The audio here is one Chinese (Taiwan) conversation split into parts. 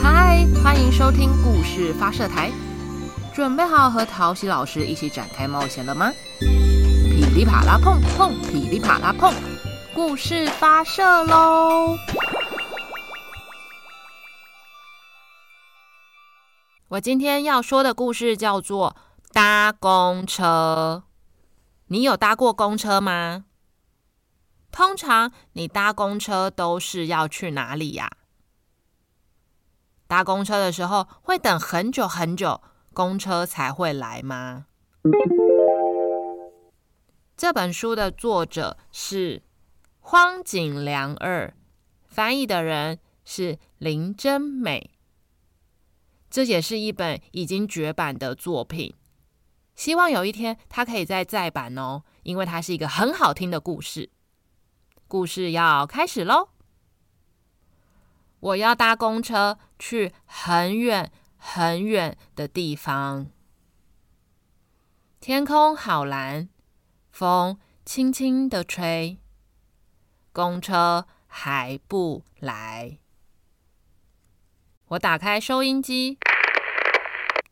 嗨，歡迎收聽故事發射台，準備好和陶喜老師一起展開冒險了嗎？噼里啪啦碰碰，噼里啪啦碰，故事發射嘍！我今天要說的故事叫做搭公車。你有搭過公車嗎？通常你搭公車都是要去哪裡呀、啊？搭公車的時候會等很久很久，公車才會來嗎？這本書的作者是荒井良二，翻譯的人是林真美。這也是一本已經絕版的作品，希望有一天它可以再再版哦，因為它是一個很好聽的故事。故事要開始嘍！我要搭公車去很遠很遠的地方。天空好藍，風輕輕的吹。公車還不來。我打開收音機，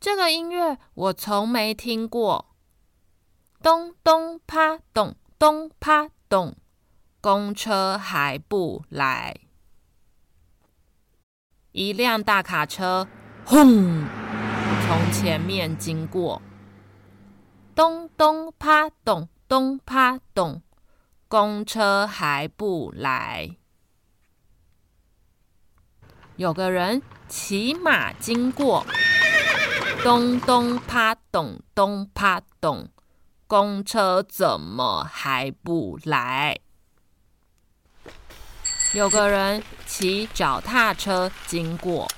這個音樂我從沒聽過。咚咚啪咚咚啪咚，公車還不來。一輛大卡車，轟！從前面經過，咚咚啪咚咚啪咚，公車還不來。有個人騎馬經過，咚咚啪咚咚啪咚，公車怎麼還不來？有個人騎腳踏車經過，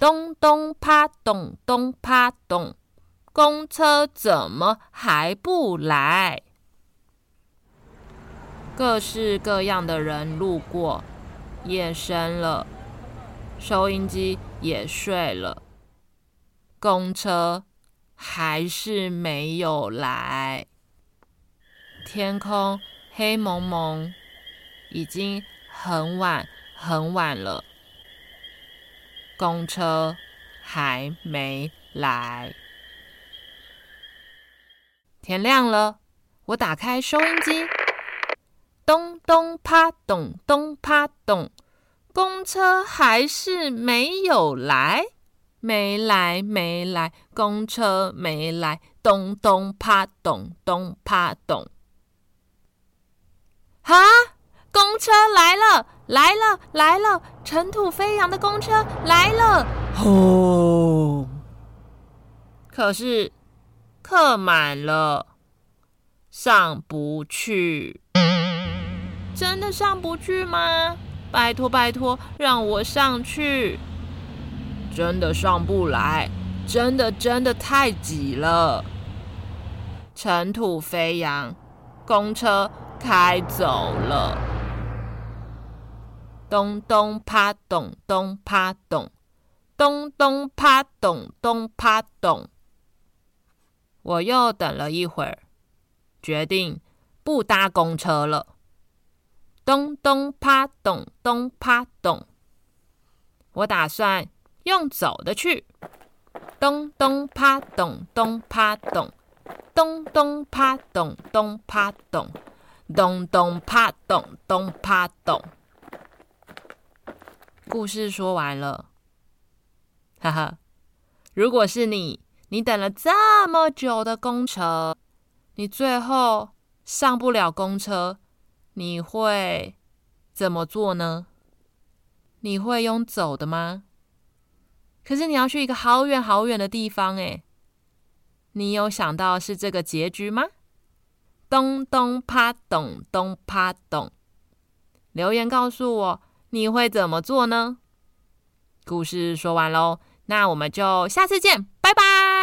咚咚啪咚咚啪咚，公車怎麼還不來？各式各樣的人路過，夜深了，收音機也睡了，公車還是沒有來。天空黑濛濛。已經很晚很晚了，公車還沒來。天亮了，我打開收音機，咚咚啪咚咚啪咚，公車還是沒有來，沒來沒來，公車沒來，咚咚啪咚咚啪咚，哈？公車來了，來了，來了！塵土飛揚的公車來了，哦，可是客滿了，上不去。嗯，真的上不去嗎？拜托拜托，讓我上去！真的上不來，真的真的太擠了。塵土飛揚，公車開走了。咚咚啪咚咚啪咚，咚咚啪咚咚啪咚。我又等了一會兒，決定不搭公車了。咚咚啪咚咚啪咚。我打算用走的去。咚咚啪咚咚啪咚，咚咚啪咚咚啪咚，咚咚啪咚咚啪咚。東東啪故事說完了，哈哈！如果是你，你等了這麼久的公車，你最後上不了公車，你會怎麼做呢？你會用走的嗎？可是你要去一個好遠好遠的地方，哎，你有想到是這個結局嗎？咚咚啪咚咚啪咚，留言告訴我。你會怎麼做呢？故事說完嘍，那我們就下次見，拜拜！